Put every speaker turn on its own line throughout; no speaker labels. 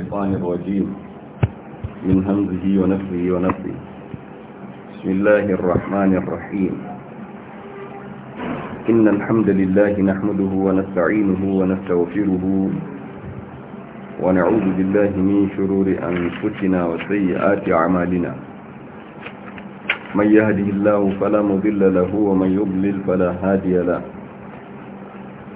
الشيطان الرجيم من همزه ونفه ونفه بسم الله الرحمن الرحيم إن الحمد لله نحمده ونستعينه ونستغفره ونعوذ بالله من شرور أنفسنا وسيئات أعمالنا من يهده الله فلا مضل له ومن يضلل فلا هادي له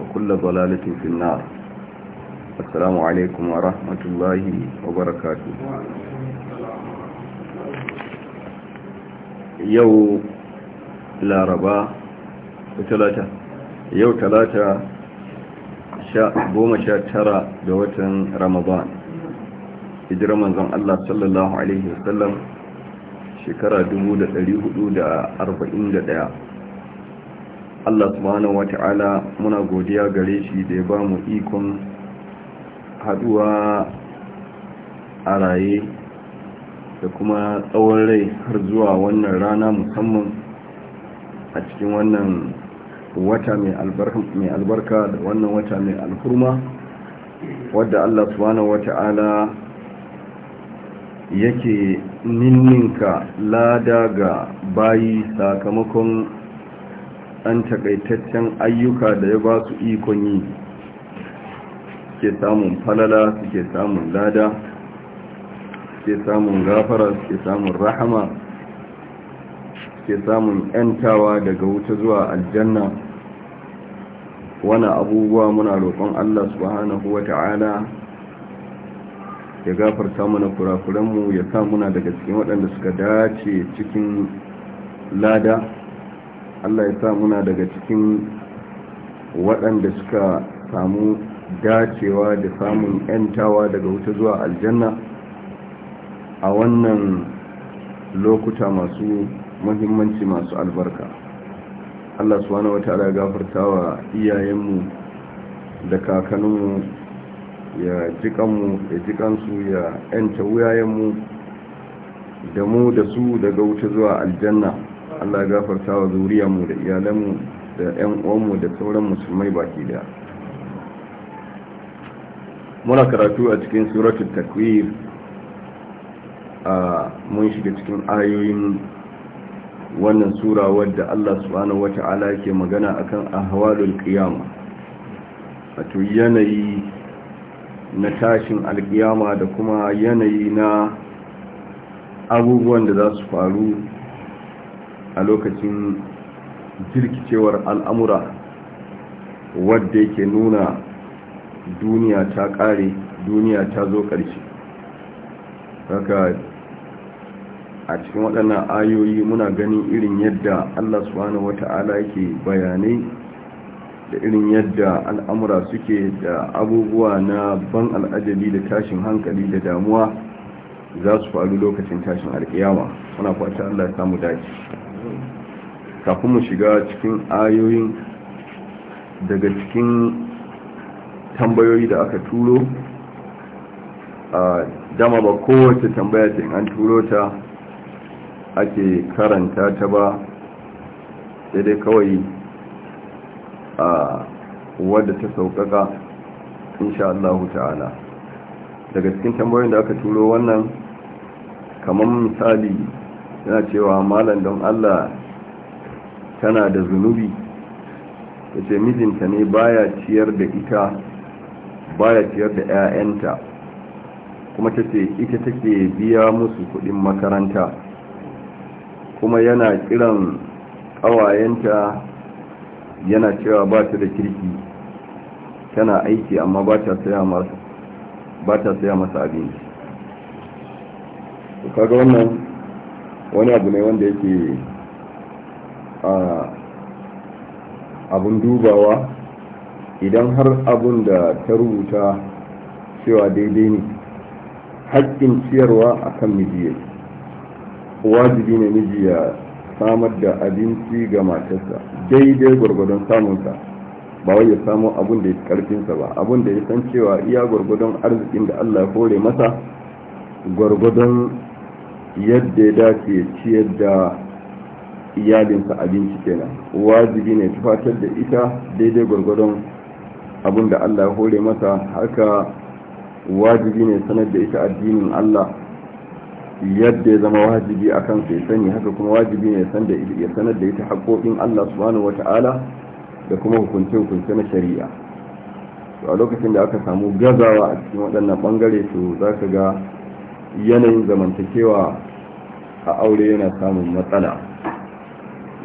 وكل ضلالة في النار السلام عليكم ورحمة الله وبركاته يو لا ربا وثلاثة يو ثلاثة goma sha tara da watan ramadan hijirar manzon Allah sallallahu Alaihi wasallam shekara ɗaya. Allah subhanahu wata'ala muna godiya gare shi da ya ba mu ikon haduwa a raye da kuma tsawon rai har zuwa wannan rana musamman a cikin wannan wata mai albarka da wannan wata mai alhurma wadda Allah subhanahu wata'ala yake ninninka lada ga bayi sakamakon ɗan takaitaccen ayyuka da ya ba su ikon yi suke samun falala suke samun lada suke samun gafara suke samun rahama suke samun yantawa daga wuta zuwa aljanna wani abubuwa muna roƙon Allah subhanahu wa ta'ala ya gafarta mana kurakuranmu ya sa muna daga cikin waɗanda suka dace cikin lada allah ya sa muna daga cikin waɗanda suka samu dacewa da samun 'yantawa daga wuta zuwa aljanna a wannan lokuta masu muhimmanci masu albarka allah wani wata ala gafarta wa iyayenmu da kakanninmu ya jikanmu ya jikansu ya 'yanta wuyayenmu da mu da su daga wuta zuwa aljanna Allah ya gafarta wa zuriyarmu da iyalanmu da ƴan uwanmu da sauran musulmai baki daya muna karatu a cikin suratul takwir a mun shiga cikin ayoyin wannan sura wadda Allah subhanahu wata'ala yake magana akan ahwalul qiyama wato yanayi na tashin alkiyama da kuma yanayi na abubuwan da za su faru a lokacin jirkicewar al'amura wadda yake nuna duniya ta ƙare duniya ta zo ƙarshe haka a cikin waɗannan ayoyi muna ganin irin yadda allah subhanahu wata'ala yake bayanai da irin yadda al'amura suke da abubuwa na ban al'ajabi da tashin hankali da damuwa za su faru lokacin tashin alƙiyama suna kwata allah samu dace kafin mu shiga cikin ayoyin daga cikin tambayoyi da aka turo a dama ba kowace tambaya ce an turo ta ake karanta ta ba sai dai kawai a wadda ta sauƙaƙa insha Allah ta'ala daga cikin tambayoyin da aka turo wannan kamar misali yana cewa malam don allah tana da zunubi ta ce mijinta ne baya ciyar da ita baya ciyar da 'ya'yanta kuma ta ce ita take biya musu kudin makaranta kuma yana kiran ƙawayenta yana cewa ba ta da kirki tana aiki amma ba ta saya masa abinci kaga wannan wani abu ne wanda yake abun dubawa idan har abun da ta rubuta cewa daidai ne haƙƙin ciyarwa a kan miji wajibi ne miji ya samar da abinci ga matarsa daidai gwargwadon samunsa ba wai ya samu abun da ya karfinsa ba abun da ya san cewa iya gwargwadon arzikin da allah ya kore masa gwargwadon yadda ya dace ciyar da iyalinsa abinci kenan wajibi ne tufatar da ita daidai gwargwadon abin da allah ya hore mata haka wajibi ne sanar da ita addinin allah yadda ya zama wajibi a kan sai sani haka kuma wajibi ne ya sanar da ita haƙoƙin allah subhanahu wata'ala da kuma hukunce-hukunce na shari'a a lokacin da aka samu gazawa a cikin waɗannan ɓangare to za ka ga yanayin zamantakewa a aure yana samun matsala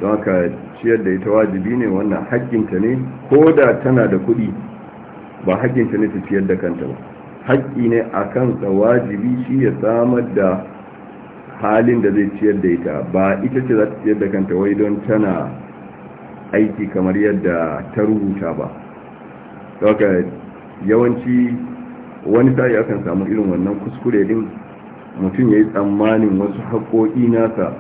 don haka ciyar da ita wajibi ne wannan haƙƙinta ne ko da tana da kuɗi ba haƙƙinta ne ta ciyar da kanta ba haƙƙi ne a kansa wajibi shi ya samar da halin da zai ciyar da ita ba ita ce za ta ciyar da kanta wai don tana aiki kamar yadda ta rubuta ba don haka yawanci wani sa'i akan samu irin wannan kuskure din mutum ya yi tsammanin wasu haƙoƙi nasa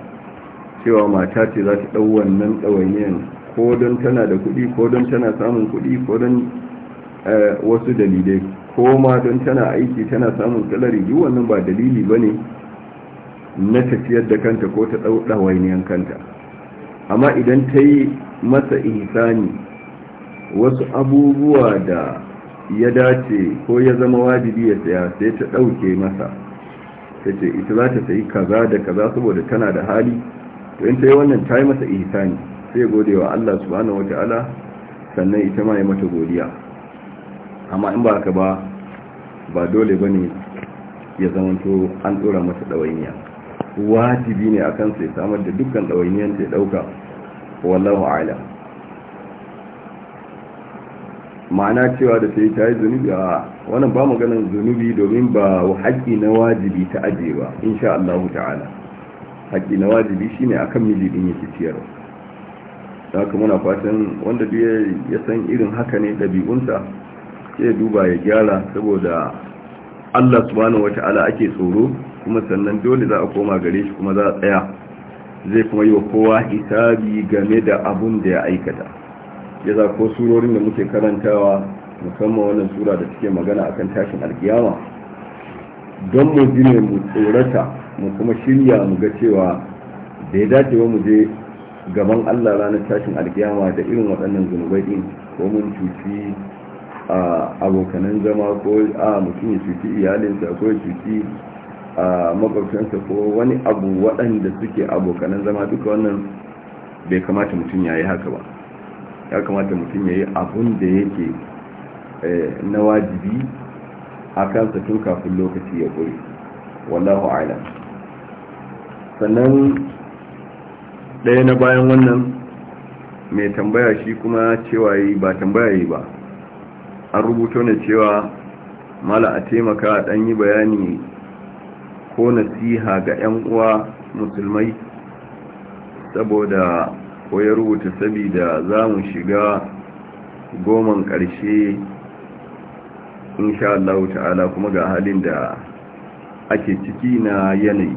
cewa mata ce za ta ɗau wannan ɗawainiyan ko don tana da kuɗi ko don tana samun kuɗi ko don eh, wasu dalilai ko ma don tana aiki tana samun salari yi wannan ba dalili ba ne na tafiyar da kanta ko ta ɗau ɗawainiyan kanta amma idan ta yi masa ihsani wasu abubuwa da ya dace ko ya zama wajibi ya saya sai ta ɗauke masa ta ce ita za ta sayi kaza da kaza saboda tana da hali to in ta yi wannan ta yi masa ihsani sai gode wa Allah subhanahu wata'ala sannan ita ma yi mata godiya amma in ba ka ba ba dole ba ne ya zamanto an tsora masa ɗawainiya wajibi ne a kansa ya samar da dukkan ɗawainiyar da ya ɗauka wallahu a'lam ma'ana cewa da yi ta yi zunubi a wannan ba maganin zunubi domin ba haƙƙi na wajibi ta aje ba insha Allah ta'ala haƙƙi na wajibi shine akan miji din yake da haka muna fatan wanda biya ya san irin haka ne dabi'unsa sai duba ya gyara saboda Allah subhanahu ta'ala ake tsoro kuma sannan dole za a koma gare shi kuma za a tsaya zai kuma yi wa kowa hisabi game da abun da ya aikata ya za ko surorin da muke karantawa musamman wannan sura da suke magana akan tashin alkiyama don mu ji ne mu tsorata mu kuma shirya mu ga cewa da ya dace ba mu je gaban Allah ranar tashin alkiyama da irin waɗannan zunubai din ko mun cuci a abokanan zama ko a mutum ya cuci iyalinsa ko ya cuci a makwabcinsa ko wani abu waɗanda suke abokanan zama duka wannan bai kamata mutum ya yi haka ba ya kamata mutum ya yi abun da yake eh, na wajibi a kansa tun kafin lokaci ya ƙuri wallahu alam sannan ɗaya na bayan wannan mai tambaya shi kuma cewa yi ba tambaya yi ba an rubuto na cewa mala a taimaka ɗan yi bayani ko nasiha ga 'yan uwa musulmai saboda ko ya rubuta sabida za mu shiga goman ƙarshe insha Allah ta'ala kuma ga halin da ake ciki na yanayi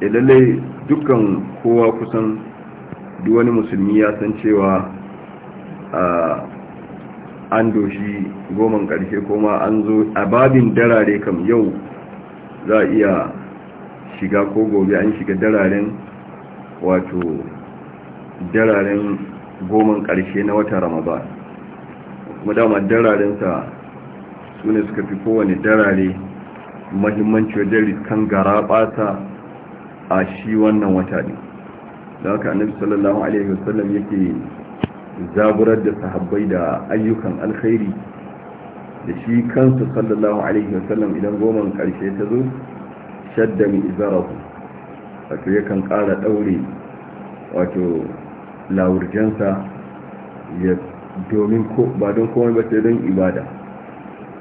e lalle dukkan kowa kusan duk wani musulmi ya san cewa an doshi goman ƙarshe kuma an zo a babin darare kam yau za a iya shiga ko gobe an shiga dararen wato dararen goman ƙarshe na wata ramadan kuma dama dararensa su ne suka fi kowane darare mahimmanci wajen rikan gara ɓata a shi wannan wata ne da haka annabi sallallahu alaihi wasallam yake zaburar da sahabbai da ayyukan alkhairi da shi kansu sallallahu alaihi wasallam idan goman ƙarshe ta zo shadda mai izarahu wato yakan ƙara ɗaure wato lawurjansa ya domin ba don komai ba sai don ibada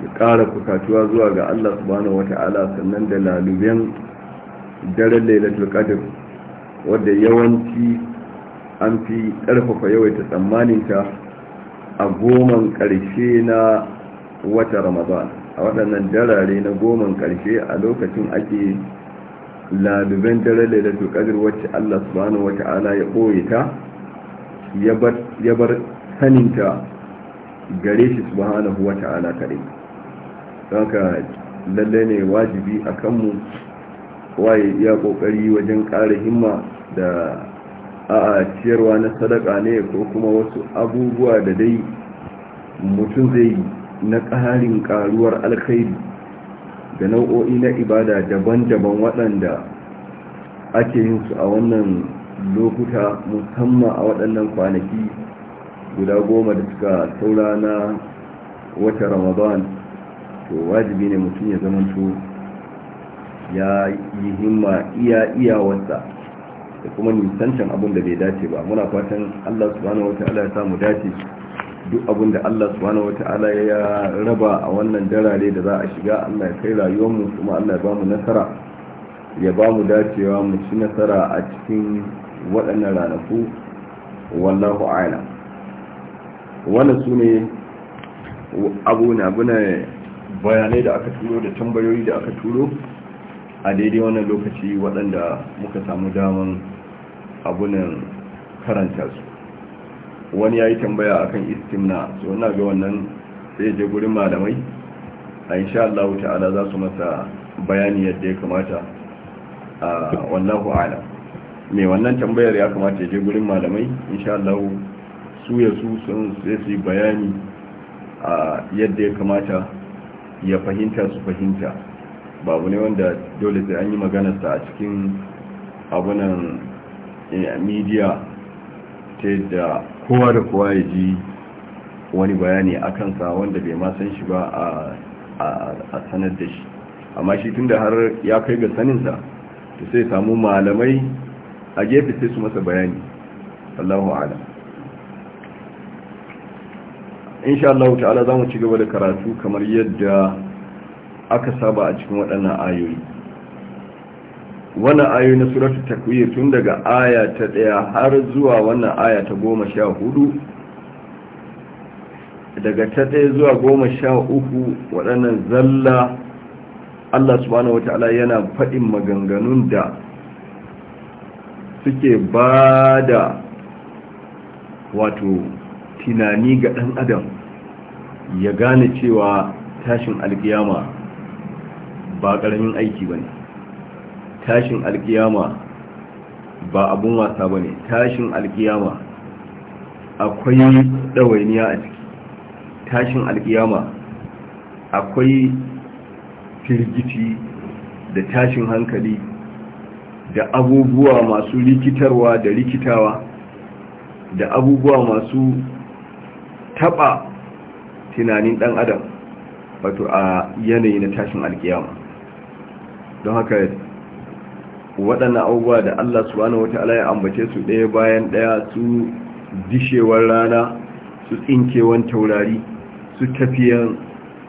ya ƙara bukatuwa zuwa ga Allah subhanahu wata'ala sannan da laluben daren lailatul qadr wadda yawanci an fi ƙarfafa yawaita tsammaninta a goman ƙarshe na wata ramadan a waɗannan darare na goman ƙarshe a lokacin ake laluben daren lailatul qadr wacce Allah subhanahu wata'ala ya ɓoye ta ya bar saninta gare shi subhanahu wa ta'ala kaɗai don ka lalle ne wajibi a kanmu waye ya ƙoƙari wajen ƙara himma da a ciyarwa na sadaka ne ko kuma wasu abubuwa da dai mutum zai yi na ƙarin ƙaruwar alkhairi da nau'o'i na ibada daban-daban waɗanda ake yin su a wannan lokuta musamman a waɗannan kwanaki guda goma da suka saura na wata ramadan to wajibi ne mutum ya zamanto ya yi himma iya wasa da kuma nisancan abin da bai dace ba muna fatan allah subhanahu ta'ala ya samu dace duk abin da allah subhanahu ta'ala ya raba a wannan darare da za a shiga allah ya kai rayuwarmu kuma allah ya ba mu nasara ya ba mu dacewa mu ci nasara a cikin waɗannan ranaku wallahu ala wannan su ne abuna bayanai da aka turo da tambayoyi da aka turo a daidai wannan lokaci waɗanda muka samu daman abunan karanta su wani ya yi tambaya akan istimna su na ga wannan sai je gurin malamai a insha Allah ta'ala za su masa bayani yadda ya kamata a wallahu alam mai wannan tambayar ya kamata ya je gurin malamai insha Allah su ya su sun sai su bayani a yadda ya kamata ya fahimta su fahimta babu ne wanda dole sai an yi maganarsa a cikin abunan eh, media ta yadda kowa da kowa ya ji wani bayani a kansa wanda bai ma san shi ba a sanar da shi amma shi tun da har ya kai ga saninsa to sai samu malamai a gefe sai su masa bayani Allahu a'lam insha Allah ta'ala mu ci gaba da karatu kamar yadda aka saba a cikin waɗannan ayoyi wannan ayoyi na suratu takwir tun daga aya ta ɗaya har zuwa wannan aya ta goma sha hudu daga ta ɗaya zuwa goma sha uku waɗannan zalla Allah subhanahu ta'ala yana faɗin maganganun da suke ba da wato tunani ga ɗan adam ya gane cewa tashin alkiyama ba ƙaramin aiki ba ne tashin alkiyama ba abun wasa ba ne tashin alkiyama akwai ɗawainiya a ciki tashin alkiyama akwai firgiti da tashin hankali da abubuwa masu rikitarwa da rikitawa da abubuwa masu taba tunanin dan adam wato a yanayi na tashin alkiyama don haka waɗannan abubuwa da Allah subhanahu wata'ala ya ambace su ɗaya bayan ɗaya su dishewar rana su tsinkewan taurari su tafiyan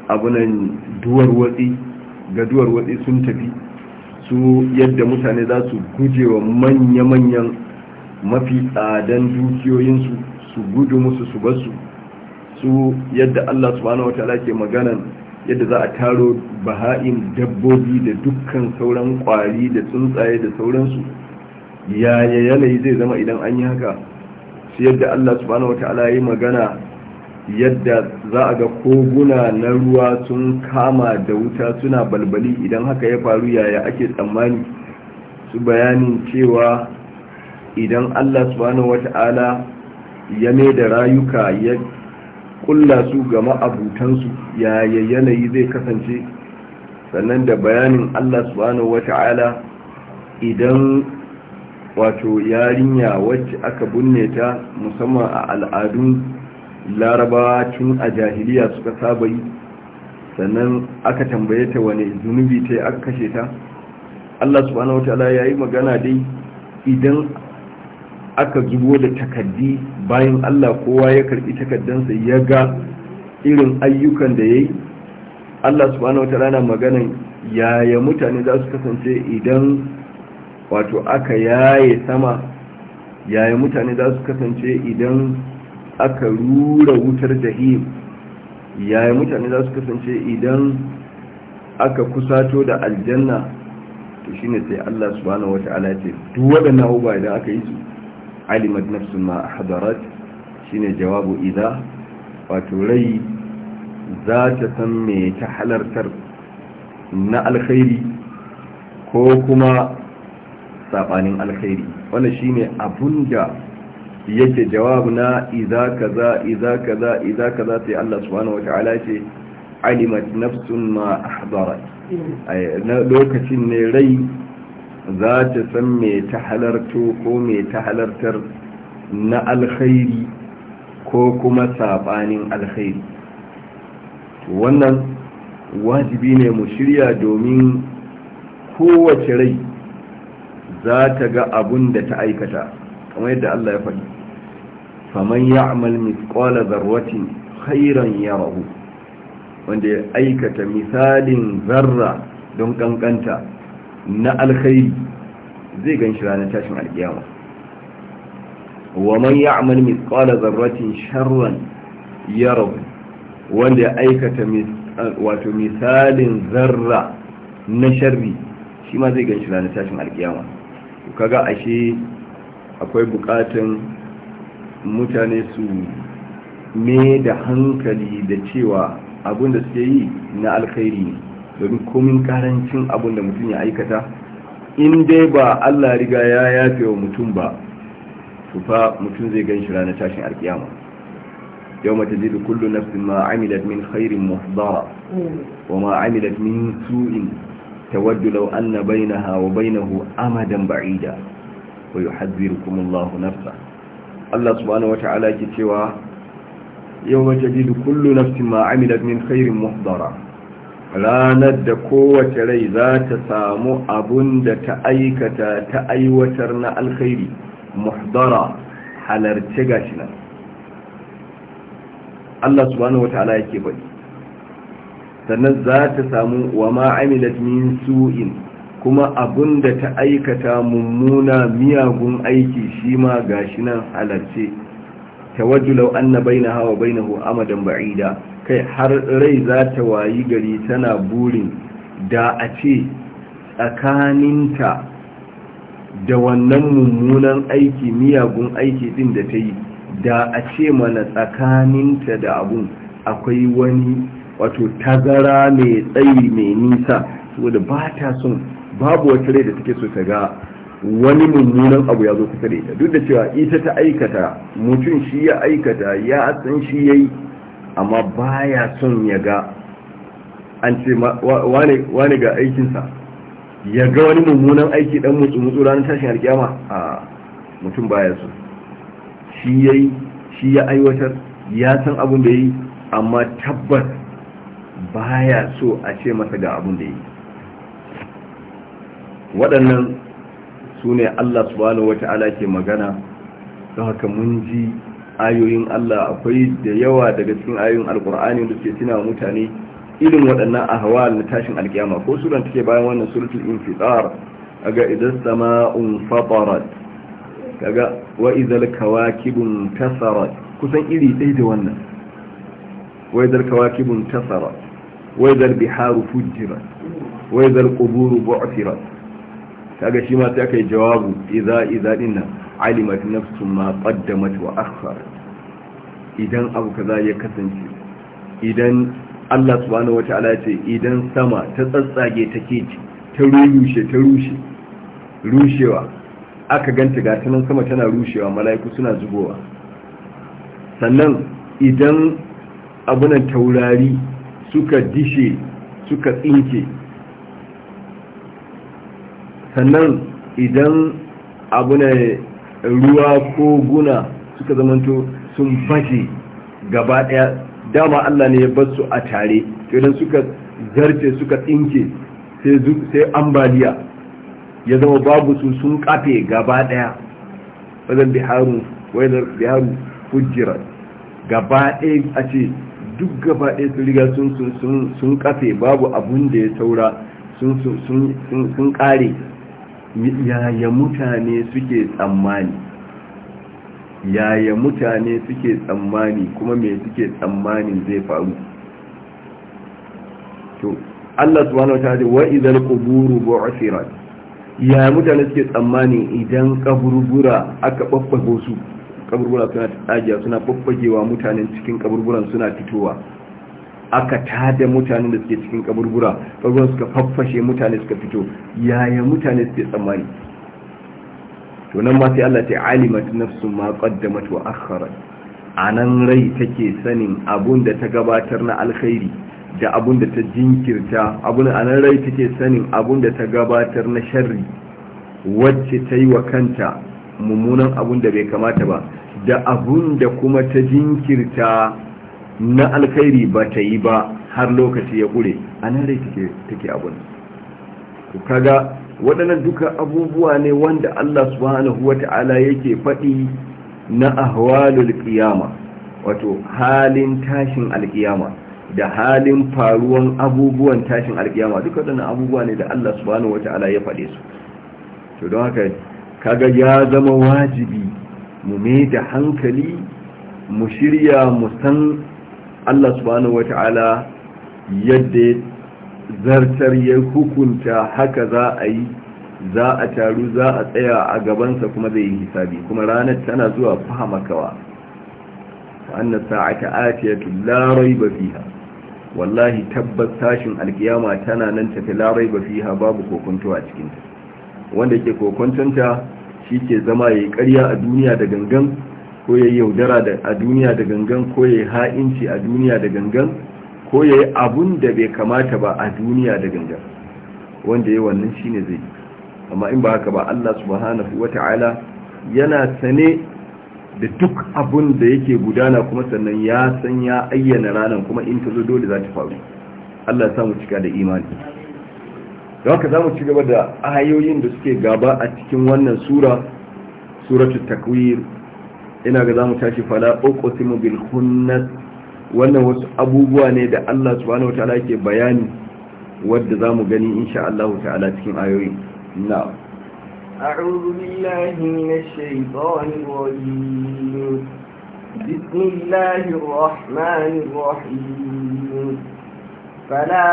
abunan duwar watsi ga duwar watsi sun tafi su yadda mutane za su wa manya-manyan mafi tsadan dukiyoyinsu su gudu musu su basu su yadda Allah subhanahu wataala ke maganan yadda za a taro baha'in dabbobi da dukkan sauran kwari da tsuntsaye da sauransu yaya yanayi zai zama idan an yi haka su yadda Allah subhanahu wataala yi magana yadda za a ga koguna na ruwa sun kama da wuta suna balbali idan haka ya faru yaya ake tsammani su bayanin cewa idan allah subhanahu wata'ala ya mai da rayuka ya kulla su ga ma'abutansu yaya yanayi zai kasance sannan da bayanin allah subhanahu wata'ala idan wato yarinya wacce aka binne ta musamman a al'adun larabawa tun a jahiliya suka saba yi sannan aka tambaye ta wani zunubi ta aka kashe ta Allah subhanahu wataala ya yi magana dai idan aka zubo da takaddi bayan Allah kowa ya karbi takaddansa ya ga irin ayyukan da ya yi Allah subhanahu wataala na maganan yaya mutane za su kasance idan wato aka yaye sama yaya mutane za su kasance idan aka rura wutar jahim yaya mutane za su kasance idan aka kusato da aljanna to shine sai Allah subhanahu wata'ala ya ce duk waɗannan abubuwa idan aka yi su alimat nafsun ma hadarat shine jawabu idza wato rai za ta san me ta halartar na alkhairi ko kuma sabanin alkhairi wannan shine abun da yake jawab na iza kaza iza kaza iza kaza sai Allah subhanahu wataala ce alimat nafsun ma ahdarat na lokacin ne rai za ta san me ta halarto ko me ta halartar na alkhairi ko kuma sabanin alkhairi wannan wajibi ne mu shirya domin kowace rai za ta ga abun da ta aikata kamar yadda Allah ya faɗi faman ya'mal mithqala dharratin khairan yarahu wanda ya aikata misalin zarra don kankanta na alkhairi zai ganshi ranar tashin alkiyama wa man ya'mal mithqala dharratin sharran yarahu wanda ya aikata wato misalin zarra na sharri shi ma zai ganshi ranar tashin alkiyama kaga ashe akwai bukatun mutane su me da hankali da cewa abin da suke yi na alkhairi ne domin komin karancin abin da mutum ya aikata in dai ba allah riga ya yafe wa mutum ba to fa mutum zai gan shi ranar tashin alkiyama yau mata zai da kullu nafsin ma amilat min khairin muhdara wa ma amilat min su'in tawaddu law anna bainaha wa bainahu amadan ba'ida wa yuhadhdhirukum allah nafsa Allah subhanahu wata'ala ke cewa yawma tajidu kullu nafsin ma amilat min khairin muhdara ranar da kowace rai za ta samu abun da ta aikata ta aiwatar na alkhairi muhdara halarci gashi nan Allah subhanahu wata'ala ke bari sannan za ta samu wa ma amilat min su'in kuma abin da ta aikata mummuna miyagun aiki shi ma ga shi nan halarce ta na bai na hawa bai na hu amadan ba'ida kai har rai za ta wayi gari tana burin da a ce tsakaninta da wannan mummunan aiki miyagun aiki din da ta yi da a ce mana tsakaninta da abun akwai wani wato tazara mai tsayi mai nisa saboda ba ta son babu wata rai da take so ta ga wani mummunan abu ya zo kusa da ita duk da cewa ita ta aikata mutum shi ya aikata ya san shi ya yi amma baya son ya ga an ce wane ga aikinsa ya ga wani mummunan aiki dan mutsu mutsu ranar tashin alkyama a mutum baya so shi ya yi shi ya aiwatar ya san abin da ya yi amma tabbas baya so a ce masa ga abin da ya yi waɗannan su ne Allah subhanahu ala ke magana don haka mun ji ayoyin Allah akwai da yawa daga cikin ayoyin alkur'ani da suke tunawa mutane irin waɗannan ahwal na tashin alkiyama ko suran take bayan wannan suratul infitar aga idan sama'un fatarat kaga wa idal kawakibun tasarat kusan iri ɗaya da wannan wa idal kawakibun tasarat wa idal biharu fujirat wa idal quburu bu'thirat kaga shi ma sai aka yi jawabu idza idza dinna alimat nafsu ma qaddamat wa akhar idan abu kaza ya kasance idan Allah subhanahu wataala ya ce idan sama ta tsatsage ta keci ta rushe ta rushe rushewa aka ganta ga tanan sama tana rushewa mala'iku suna zubowa sannan idan abunan taurari suka dishe suka tsinke sannan idan abu ne ruwa ko guna suka zamanto sun fashe gaba daya dama Allah ne ya bar su a tare to idan suka zarce suka tsinke sai sai ambaliya ya zama babu su sun kafe gaba daya wajen biharu wajen biharu gaba daya a ce duk gaba daya su riga sun kafe babu abun da ya saura sun sun sun kare yaya mutane suke tsammani yaya mutane suke tsammani kuma me suke tsammanin zai faru to Allah subhanahu wataala wa idhal quburu bu'thirat ya mutane suke tsammani idan kaburbura aka babbago su kaburbura suna tsajiya suna babbagewa mutanen cikin kaburburan suna fitowa aka tada mutanen da suke cikin kaburbura kaburbura suka faffashe mutane suka fito yaya mutane suke tsammani to nan ma sai Allah ta alimat nafsu ma qaddamat wa akharat nan rai take sanin abun da ta gabatar na alkhairi da abun da ta jinkirta abun A nan rai take sanin abun da ta gabatar na sharri wacce ta yi wa kanta mummunan abun da bai kamata ba da abun da kuma ta jinkirta na alkhairi ba ta yi ba har lokaci ya ƙure a nan rai take abin Ku kaga waɗannan duka abubuwa ne wanda Allah subhanahu wata'ala yake faɗi na ahwalul qiyama wato halin tashin alkiyama da halin faruwan abubuwan tashin alkiyama duka waɗannan abubuwa ne da Allah subhanahu wata'ala ya faɗe su to don haka kaga ya zama wajibi mu mai da hankali mu shirya mu san Allah subhanahu wata'ala yadda zartar ya hukunta haka za a yi za a taru za a tsaya a gabansa kuma zai yi hisabi kuma ranar tana zuwa fahimakawa annas sa'ata atiyatu la raiba fiha wallahi tabbas tashin alkiyama tana nan tafi la raiba fiha babu kokonto a cikin ta wanda yake kokontonta shike zama yayi ƙarya a duniya da gangan ko ya yaudara a duniya da gangan ko ya ha'inci a duniya da gangan ko ya yi abun da bai kamata ba a duniya da gangan wanda ya wannan shine zai yi amma in ba haka ba Allah subhanahu wata'ala yana sane da duk abun da yake gudana kuma sannan ya san ya ayyana ranar kuma in ta zo dole za ta faru Allah ya samu cika da imani da haka za mu ci gaba da ayoyin da suke gaba a cikin wannan sura suratul takwir ina ga zamu tashi fala uqsimu bil khunnas wannan wasu abubuwa ne da Allah subhanahu wataala yake bayani wanda zamu gani insha Allah ta'ala cikin ayoyi na
أعوذ بالله من الشيطان الرجيم بسم الله الرحمن الرحيم فلا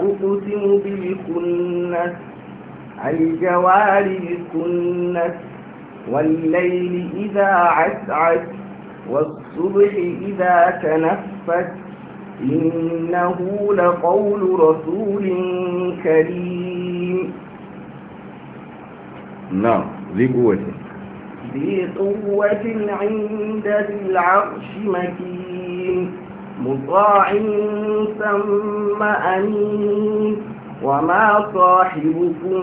أقسم بالكنس الجوار الكنس والليل إذا عسعس والصبح إذا تنفس إنه لقول رسول كريم نعم ذي قوة ذي قوة عند ذي العرش مكين مطاع ثم أمين وما صاحبكم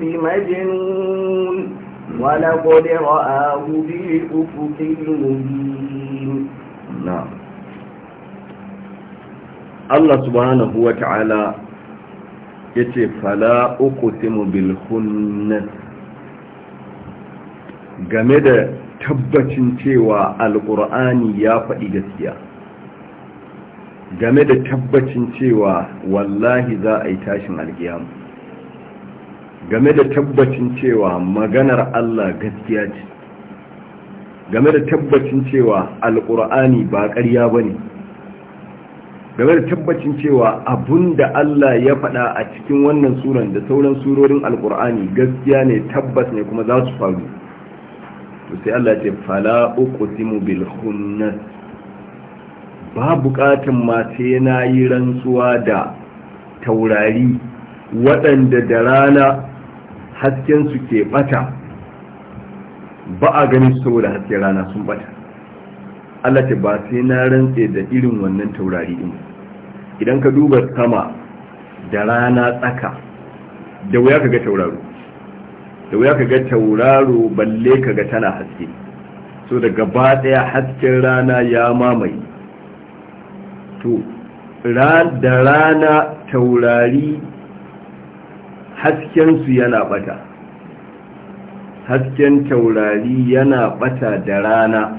بمجنون ولقد رآه بالأفق المبين
نعم الله سبحانه وتعالى yace fala uqsimu bil khunnas game da tabbacin cewa alqur'ani ya faɗi gaskiya game da tabbacin cewa wallahi za a yi tashin alkiyama game da tabbacin cewa maganar Allah gaskiya ce game da tabbacin cewa alkur'ani ba ƙarya ba ne game da tabbacin cewa abun da Allah ya faɗa a cikin wannan suran da sauran surorin alkur'ani gaskiya ne tabbas ne kuma za su faru to sai Allah ce fala uku bil bilhunan ba buƙatun ma na yi rantsuwa da taurari waɗanda da rana hasken su ke bata ba a ganin saboda hasken rana sun bata Allah ta ba sai na rantse da irin wannan taurari din idan ka duba sama da rana tsaka da wuya ka ga tauraro da wuya ka ga tauraro balle ka ga tana haske so da gaba daya hasken rana ya mamaye to da rana taurari haskensu yana bata hasken taurari yana bata da rana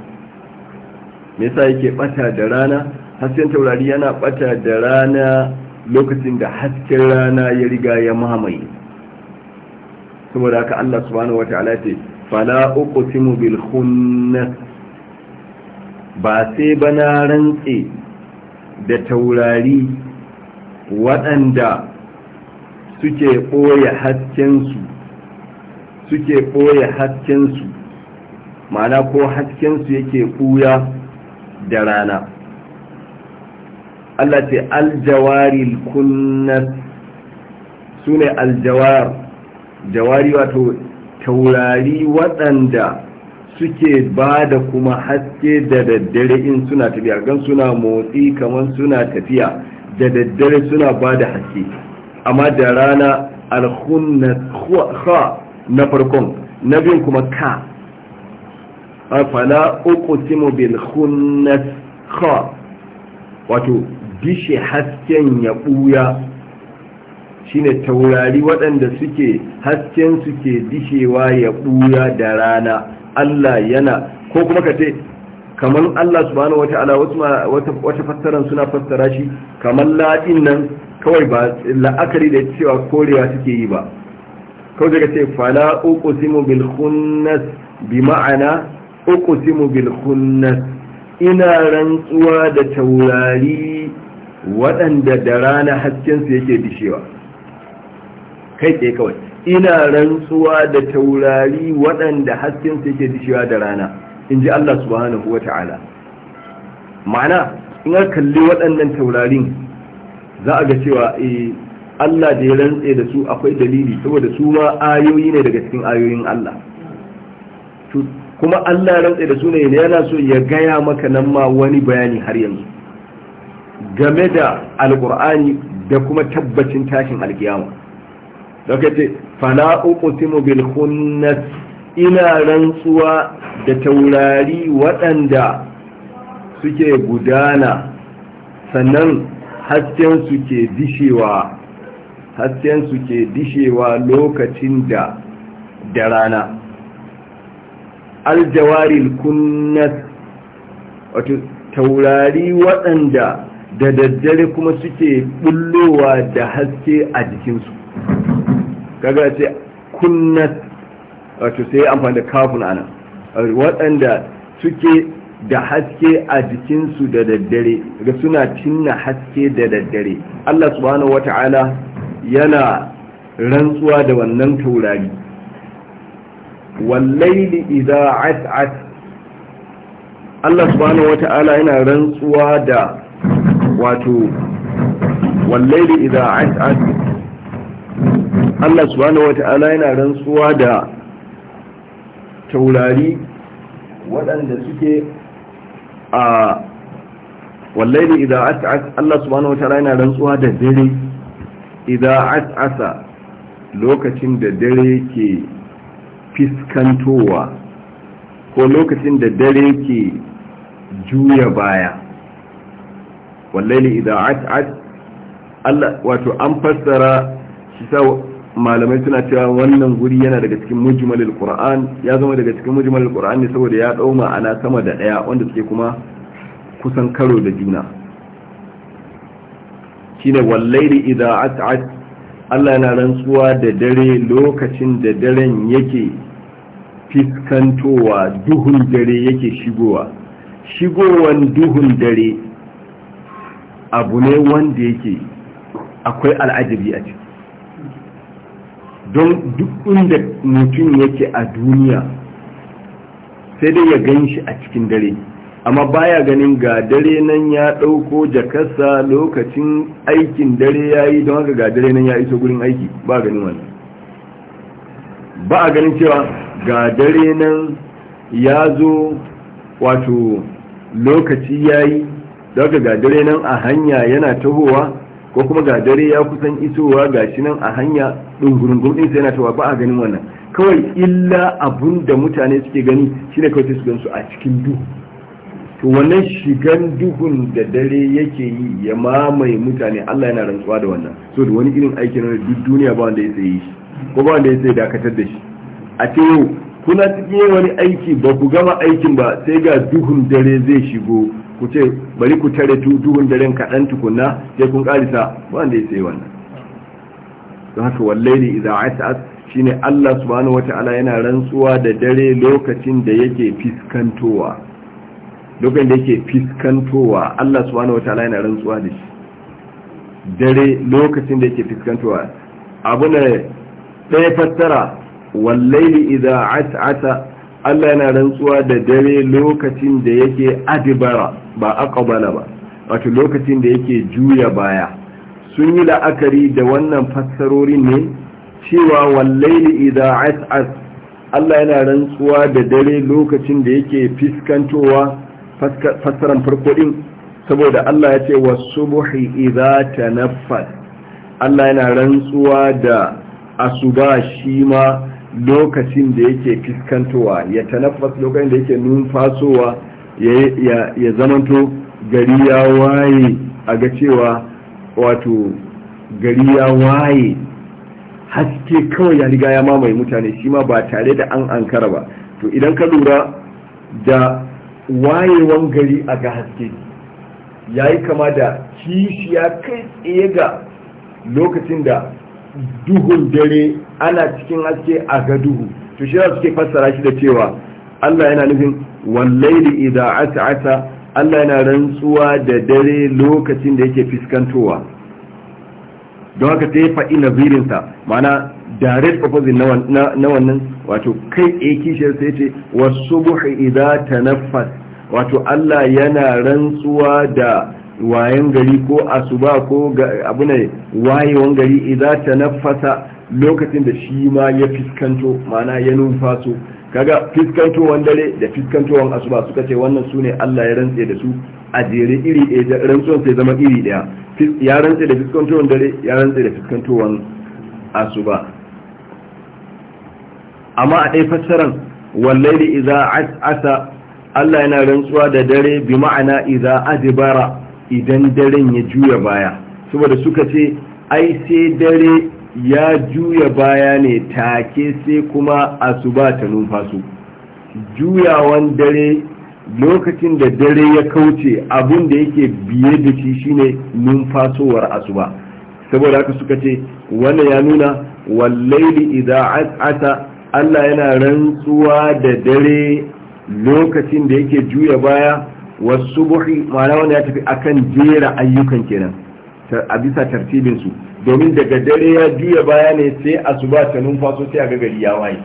me yasa yake bata da rana hasken taurari yana bata da rana lokacin da hasken rana ya riga ya mamaye saboda haka Allah subhanahu wata'ala ce fala uqsimu bil khunnas ba sai bana rantse da taurari waɗanda suke ɓoye haskensu suke ɓoye haskensu ma'ana ko haskensu yake ɓuya da rana Allah ce aljawari kunnas su ne aljawar jawari wato taurari waɗanda suke ba da kuma haske da daddare in suna tafiya gan suna motsi kamar suna tafiya da daddare suna ba da haske amma da rana alhunna na farkon na biyun kuma ka uku uqsimu bil khunnas ha wato bishe hasken ya buya shine taurari waɗanda suke hasken suke dishewa ya buya da rana Allah yana ko kuma ka ce kamar Allah subhanahu wata'ala wata wata fassaran suna fassara shi kamar ladin nan kawai ba la'akari da cewa korewa suke yi ba kawai daga ce fala uku simu khunnas bi ma'ana uku simu khunnas ina rantsuwa da taurari waɗanda da rana hasken su yake bishewa kai ke kawai ina rantsuwa da taurari waɗanda hasken su yake bishewa da rana in ji Allah subhanahu wa ta'ala ma'ana in kalli waɗannan taurarin za a ga cewa eh, Allah da ya rantse da su akwai dalili saboda su ma ayoyi ne daga cikin ayoyin Allah kuma Allah ya rantse da su ne yana so ya gaya maka nan ma wani bayani har yanzu game da alkur'ani da kuma tabbacin tashin alkiyama da ka ce Fana uqsimu bil khunnas ina rantsuwa da taurari waɗanda suke gudana sannan hasken su ke dishewa hasken su ke dishewa lokacin da da rana aljawaril kunnat wato taurari waɗanda da daddare kuma suke bullowa da haske a jikinsu kaga ce kunnat wato sai amfani da kafin ana waɗanda suke da haske a jikinsu da daddare ga suna cinna haske da daddare Allah subhanahu wata'ala yana rantsuwa da wannan taurari wallaili idza at'at Allah subhanahu wata'ala yana rantsuwa da wato wallaili idza at'at Allah subhanahu wata'ala yana rantsuwa da taurari waɗanda suke a wallahi idan as'as Allah subhanahu wataala yana rantsuwa da dare idan as'asa lokacin da dare ke fiskantowa ko lokacin da dare ke juya baya wallahi idan as'as Allah wato an fassara shi sa... malamai suna cewa wannan guri yana daga cikin mujmalil qur'an ya zama daga cikin mujmalil qur'an ne saboda ya dau ma'ana sama da daya wanda suke kuma kusan karo da juna shine wallahi idza at'at Allah yana rantsuwa da dare lokacin da daren yake fiskantowa duhun dare yake shigowa shigowan duhun dare abu ne wanda yake akwai al'ajabi a ciki don duk inda mutum yake a duniya sai dai ya gan shi a cikin dare amma baya ganin ga dare nan ya ɗauko jakasa lokacin aikin dare ya yi don haka ga dare nan ya iso gurin aiki ba ganin wannan ba a ganin cewa ga dare nan ya zo wato lokaci ya yi don haka ga dare nan a hanya yana tahowa ko kuma ga dare ya kusan isowa ga shi nan a hanya ɗungurungun sai yana tawa ba a ganin wannan kawai illa abun da mutane suke gani shine kawai su gansu a cikin duhu to wannan shigan duhun da dare yake yi ya mamaye mutane Allah yana rantsuwa da wannan so da wani irin aiki na duk duniya ba wanda ya tsaye shi ko ba wanda ya dakatar da shi a ce kuna cikin wani aiki ba ku gama aikin ba sai ga duhun dare zai shigo ku ce bari ku tare duhun daren kaɗan tukunna sai kun ƙarisa wanda ya sai wannan don haka wallaili idza shi shine Allah subhanahu wata'ala yana rantsuwa da dare lokacin da yake fiskantowa lokacin da yake fiskantowa Allah subhanahu wata'ala yana rantsuwa da shi dare lokacin da yake fiskantowa abu ne ɗaya fassara idan a as'asa Allah yana rantsuwa da dare lokacin da yake adibara ba aqbala ba wato lokacin da yake juya baya sun yi la'akari da wannan fassarorin ne cewa wallaili idza as'as Allah yana rantsuwa da dare lokacin da yake fiskantowa fassaran farko din saboda Allah ya ce was-subhi idza tanaffas Allah yana rantsuwa da asuba shi ma lokacin da yake fiskantowa ya tanaffas lokacin da yake numfasowa ya zamanto gari ya waye a ga cewa wato gari ya waye haske kawai ya riga ya mamaye mutane shi ma ba tare da an ankara ba to idan ka lura da wayewan gari a ga haske ya yi kama da kishiya kai tsaye ga lokacin da duhun dare ana cikin haske a gaduhu to shi suke fassara shi da cewa Allah yana nufin wallaili idza at'ata Allah yana rantsuwa da dare lokacin da yake fiskantowa don haka sai faɗi nazirinsa mana direct opposite na wannan wato kai a kishiyar sai ce wasu buhi ta nafas wato Allah yana rantsuwa da wayan gari ko asuba ko abu ne wayewan gari idan ta nafasa lokacin da shi ma ya fiskanto ma'ana ya numfaso kaga fiskantowan dare da fiskantowan asuba suka ce wannan su ne Allah ya rantse da su a jere iri ɗaya rantsuwan sai zama iri ɗaya ya rantse da fiskantowan dare ya rantse da fiskantowan asuba amma a ɗaya fassaran wallahi idza asa Allah yana rantsuwa da dare bi ma'ana idza adbara idan daren ya juya baya saboda suka ce ai sai dare ya juya baya ne take sai kuma asuba ta numfasu juyawan dare lokacin da dare ya kauce abin da yake biye da shi shine numfasowar asuba saboda haka suka ce wannan ya nuna wallaili idza as'asa Allah yana rantsuwa da dare lokacin da yake juya baya wasu buhi ma'ana wanda ya tafi akan jera ayyukan kenan a bisa tartibin su domin daga dare ya juya baya ne sai asuba ta numfaso sai a ga gari ya waye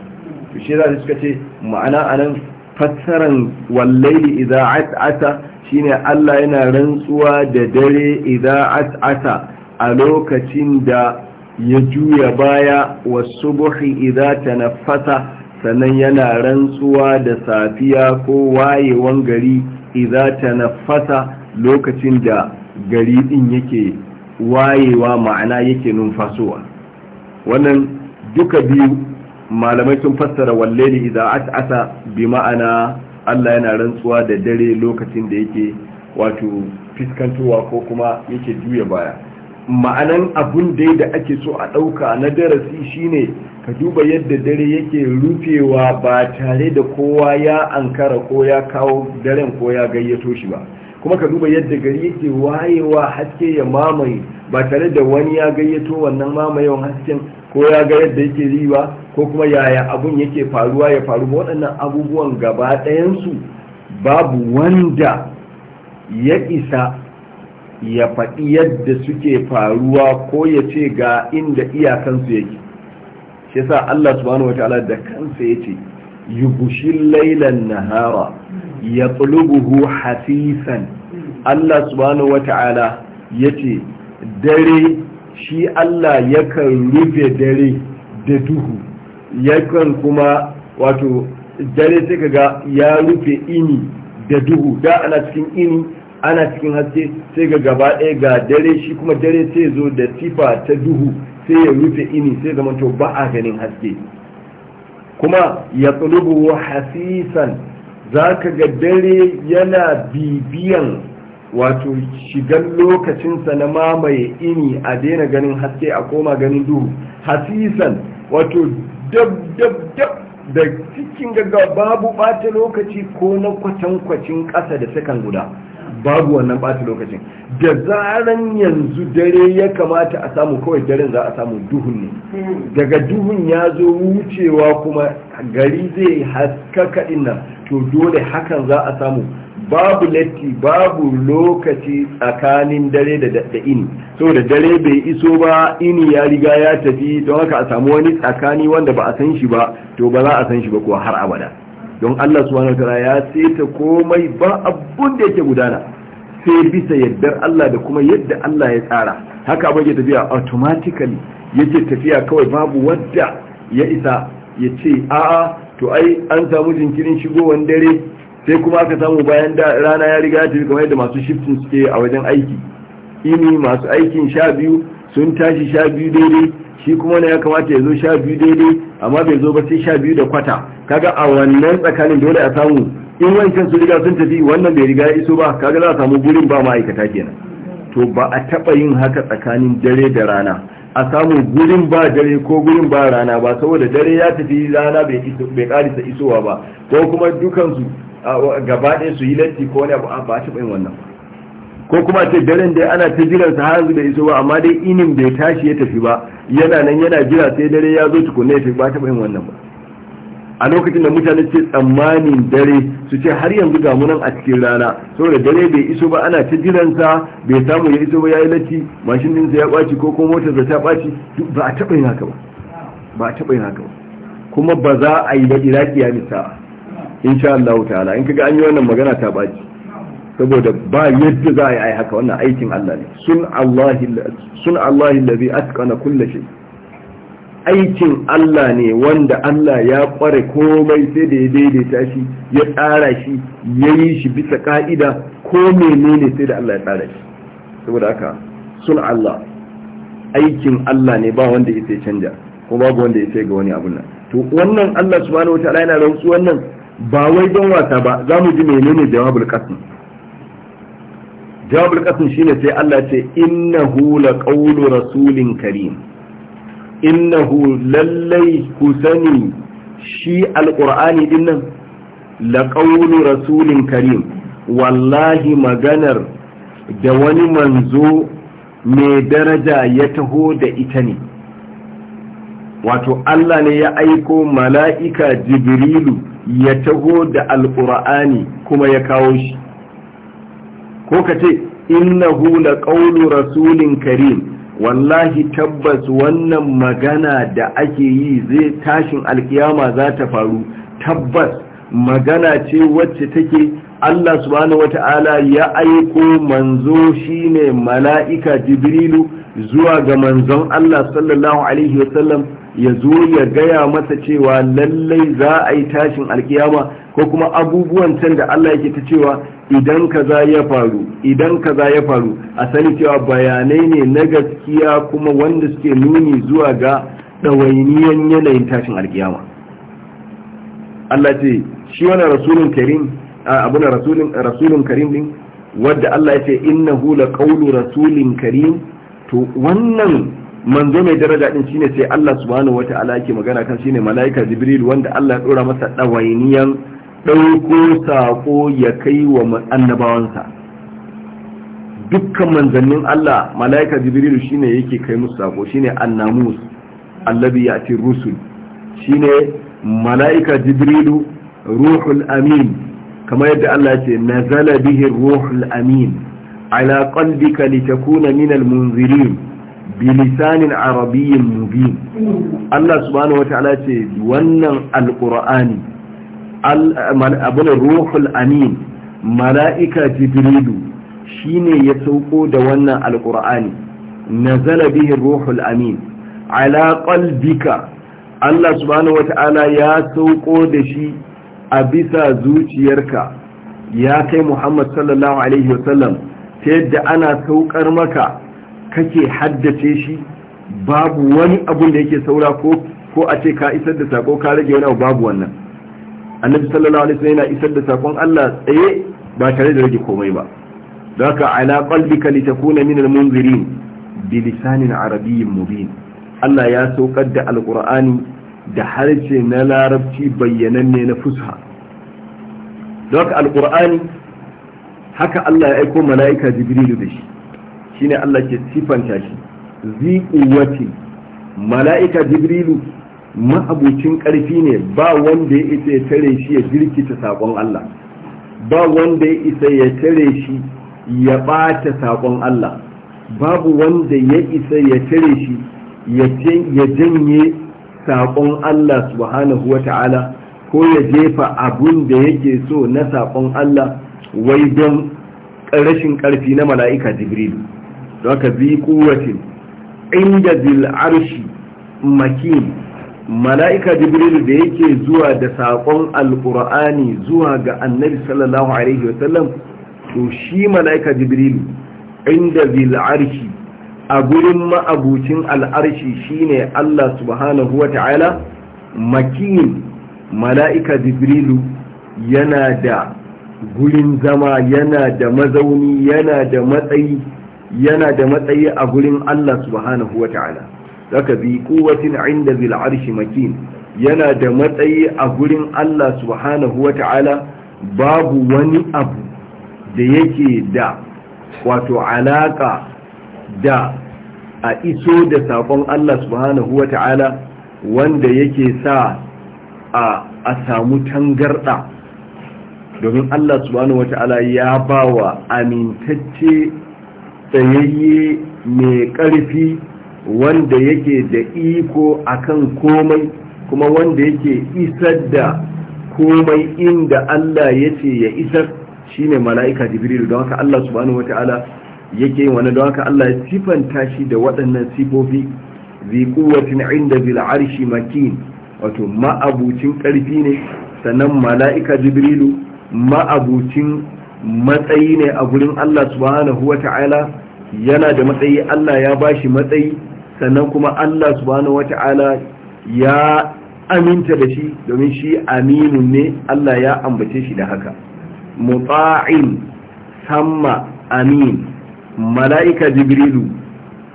to shi zai suka ce ma'ana anan fassaran wallaili idza at'ata shine Allah yana rantsuwa da dare idza at'ata a lokacin da ya juya baya wasubuhi idza tanaffasa sannan yana rantsuwa da safiya ko wayewan gari idza tanaffasa lokacin da gari din yake wayewa ma'ana yake numfasowa wannan duka biyu malamai sun fassara idan idza as'asa bi ma'ana Allah yana rantsuwa da dare lokacin da yake wato fiskantowa ko kuma yake juya baya ma'anan abun dai da ake so a ɗauka na darasi shine ka duba yadda dare yake rufewa ba tare da kowa ya ankara ko ya kawo daren ko ya gayyato shi ba kuma ka duba yadda gari yake wayewa haske ya mamaye ba tare da wani ya gayyato wannan mamayewan hasken ko ya ga yadda yake riba ko kuma yaya abun yake faruwa ya faru ba waɗannan abubuwan gaba ɗayansu babu wanda ya isa ya faɗi yadda suke faruwa ko ya ce ga inda iyakansu yake shi yasa Allah subhanahu ta'ala da kansa yace yubushil laylan nahara ya tsulubuhu hafisan Allah subhanahu wata'ala yace dare shi Allah yakan rufe dare da duhu yakan kuma wato dare sai kaga ya rufe ini da duhu da ana cikin ini ana cikin haske sai ga gaba ɗaya ga dare shi kuma dare sai zo da tifa ta duhu sai ya rufe ini sai zama to ba a ganin haske kuma ya tsulubuhu hasisan za ka ga dare yana bibiyan wato shigan lokacinsa na mamaye ini a daina ganin haske a koma ganin duhu hasisan wato dab dab dab da cikin gaggawa babu ɓata lokaci ko na kwatankwacin ƙasa da sakan guda babu wannan ɓata lokacin da zaran yanzu dare ya kamata a samu kawai daren za a samu duhun ne daga duhun ya zo wucewa kuma gari zai haskaka nan to dole hakan za a samu babu latti babu lokaci tsakanin dare da da ini saboda dare bai iso ba ini ya riga ya tafi don haka a samu wani tsakani wanda ba a san shi ba to ba za a san shi ba kuwa har abada don Allah subhanahu wataala ya ta komai ba abun da yake gudana sai bisa yaddar Allah da kuma yadda Allah ya tsara haka abin ke tafiya automatically yake tafiya kawai babu wadda ya isa ya ce a'a to ai an samu jinkirin shigowan dare sai kuma aka samu bayan da rana ya riga tafi kamar yadda masu shifting suke a wajen aiki ini masu aikin sha biyu sun tashi sha biyu daidai shi kuma ne ya kamata ya zo sha biyu daidai amma bai zo ba sai sha biyu da kwata kaga a wannan tsakanin dole a samu in wancan su riga sun tafi wannan bai riga ya iso ba kaga za a samu gurin ba ma'aikata kenan to ba a taɓa yin haka tsakanin dare da rana a samu gurin ba dare ko gurin ba rana ba saboda dare ya tafi rana bai karisa isowa ba ko kuma dukansu gaba ɗaya su yi latti ko wani abu ba a taɓa yin wannan ba ko kuma ce daren da ana ta jiran sa har bai iso ba amma dai inin bai tashi ya tafi ba yana nan yana jira sai dare ya zo tukunne ya tafi ba ta yin wannan ba a lokacin da mutane ce tsammanin dare su ce har yanzu ga munan a cikin rana saboda dare bai iso ba ana ta jiran sa bai samu ya iso ba yayi latti mashin din sa ya kwaci ko ko motar sa ta kwaci ba a taba yin haka ba ba a taba yin haka ba kuma ba za a yi ba iraki ya nisa insha Allah ta'ala in kaga an yi wannan magana ta baci saboda ba yadda za a yi haka wannan aikin Allah ne sun Allahi labi atkana kulle shi aikin Allah ne wanda Allah ya kware komai sai da ya daidaita shi ya tsara shi ya yi shi bisa ka'ida ko menene sai da Allah ya tsara shi saboda haka sun Allah aikin Allah ne ba wanda ya sai canja ko babu wanda ya sai ga wani abun nan to wannan Allah subhanahu wataala yana rantsu wannan ba wai don wasa ba za mu ji menene jawabul qasam jawabul qasim shine sai Allah ce innahu qawlu rasulin karim innahu lallai ku sani shi alqur'ani din nan qawlu rasulin karim wallahi maganar da wani manzo mai daraja ya taho da ita ne wato Allah ne ya aiko mala'ika jibrilu ya taho da alqur'ani kuma ya kawo shi ko ka ce innahu la qawlu rasulin karim wallahi tabbas wannan magana da ake yi zai tashin alkiyama za ta faru tabbas magana ce wacce take Allah subhanahu wata'ala ya aiko manzo shine mala'ika jibrilu zuwa ga manzon Allah sallallahu alaihi wasallam ya zo ya gaya masa cewa lallai za a yi tashin alkiyama ko kuma abubuwan can da Allah yake ta cewa idan kaza ya faru idan kaza ya faru a sani cewa bayanai ne na gaskiya kuma wanda suke nuni zuwa ga ɗawainiyan yanayin tashin alkiyama Allah ce shi wani rasulun karim abu na rasulun karim din wadda Allah ya ce innahu hula ƙaulu rasulin karim to wannan manzo mai daraja din shine sai Allah subhanahu wata'ala yake magana kan shine malaika jibril wanda Allah ya dora masa dawainiyan dauko sako ya kai wa annabawansa dukkan manzannin Allah malaika jibril shine yake kai musu sako shine annamus allabi yati rusul shine malaika jibrilu ruhul amin kamar yadda Allah ya ce nazala bihi ruhul amin ala qalbika litakuna minal
munzirin bilisanin
arabiyyin mubin Allah subhanahu ta'ala ce wannan alqur'ani abun ruhul amin mala'ika jibrilu shine ya sauko da wannan alqur'ani nazala bihi ruhul amin ala qalbika Allah subhanahu ta'ala ya sauko da shi a bisa zuciyarka ya kai Muhammad sallallahu alaihi wa sallam ta yadda ana saukar maka kake haddace shi babu wani abun da yake saura ko ko a ce ka isar da sako ka rage wani babu wannan annabi sallallahu alaihi wasallam yana isar da sakon Allah tsaye ba tare da rage komai ba daka ala qalbika takuna min munzirin, bi lisanin arabiyyin mubin Allah ya saukar da alqur'ani da harshe na larabci bayyananne na fusha daka alqur'ani haka Allah ya aiko mala'ika jibrilu da shi shine Allah ke sifanta shi zi quwwati mala'ika jibrilu ma'abucin ƙarfi ne ba wanda ya isa ya tare shi ya girkita saƙon Allah ba wanda ya isa ya tare shi ya ɓata saƙon Allah babu wanda ya isa ya tare shi ya janye saƙon Allah subhanahu wa ta'ala ko ya jefa abun da yake so na saƙon Allah wai don rashin ƙarfi na mala'ika jibrilu don haka zai kuwatin inda zil arshi makin mala'ika jibril da yake zuwa da saƙon alƙur'ani zuwa ga annabi sallallahu alaihi wasallam to shi mala'ika jibril inda zil arshi a gurin ma'abucin al'arshi shine Allah subhanahu wa ta'ala makin mala'ika jibrilu yana da gurin zama yana da mazauni yana da matsayi yana da matsayi a gurin Allah subhanahu wa ta'ala zaka bi quwwatin 'inda bil makin yana da matsayi a gurin Allah subhanahu wa ta'ala babu wani abu da yake da wato alaka da a iso da sakon Allah subhanahu wa ta'ala wanda yake sa a a samu tangarda domin Allah subhanahu wa ta'ala ya ba wa amintacce tsayayye mai ƙarfi wanda yake da iko akan komai kuma wanda yake isar da komai inda Allah ya ce ya isar shine mala'ika jibril don haka Allah subhanahu wata'ala yake yin wani don haka Allah ya sifanta shi da waɗannan sifofi zi kuwatin inda arshi makin wato ma'abucin ƙarfi ne sannan mala'ika jibrilu ma'abucin matsayi ne a gurin Allah subhanahu wa ta'ala yana da matsayi Allah ya ba shi matsayi sannan kuma Allah subhanahu wa ta'ala ya aminta da shi domin shi aminun ne Allah ya ambace shi da haka muta'in samma amin mala'ika jibrilu